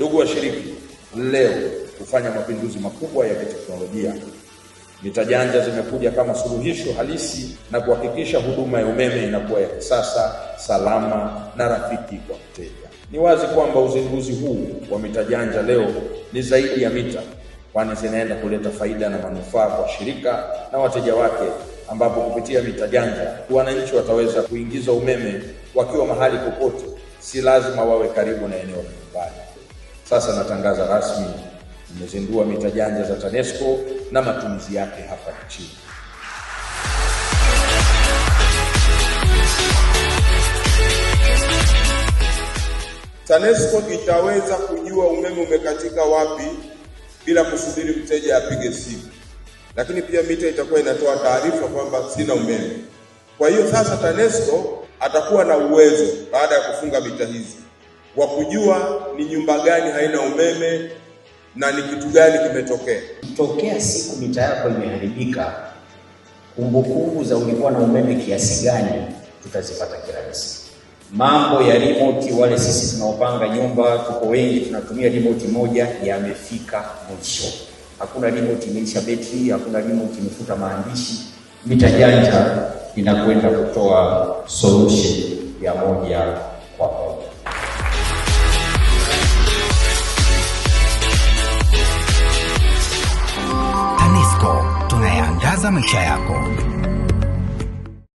Ndugu washiriki, leo kufanya mapinduzi makubwa ya kiteknolojia. Mita janja zimekuja kama suluhisho halisi na kuhakikisha huduma ya umeme inakuwa ya kisasa, salama na rafiki kwa mteja. Ni wazi kwamba uzinduzi huu wa mita janja leo ni zaidi ya mita, kwani zinaenda kuleta faida na manufaa kwa shirika na wateja wake, ambapo kupitia mita janja wananchi wataweza kuingiza umeme wakiwa mahali popote, si lazima wawe karibu na eneo la nyumbani. Sasa natangaza rasmi, nimezindua mita janja za TANESCO na matumizi yake hapa nchini. TANESCO itaweza kujua umeme umekatika wapi bila kusubiri mteja apige simu, lakini pia mita itakuwa inatoa taarifa kwamba sina umeme. Kwa hiyo sasa TANESCO atakuwa na uwezo baada ya kufunga mita hizi wa kujua ni nyumba gani haina umeme na ni kitu gani kimetokea. Tokea siku mita yako imeharibika, kumbukumbu za ulikuwa na umeme kiasi gani tutazipata kirahisi. Mambo ya remote, wale sisi tunaopanga nyumba tuko wengi, tunatumia remote moja, yamefika mwisho. Hakuna remote imeisha betri, hakuna remote imefuta maandishi. Mita janja inakwenda kutoa solution ya moja kwa moja. kupanga maisha yako.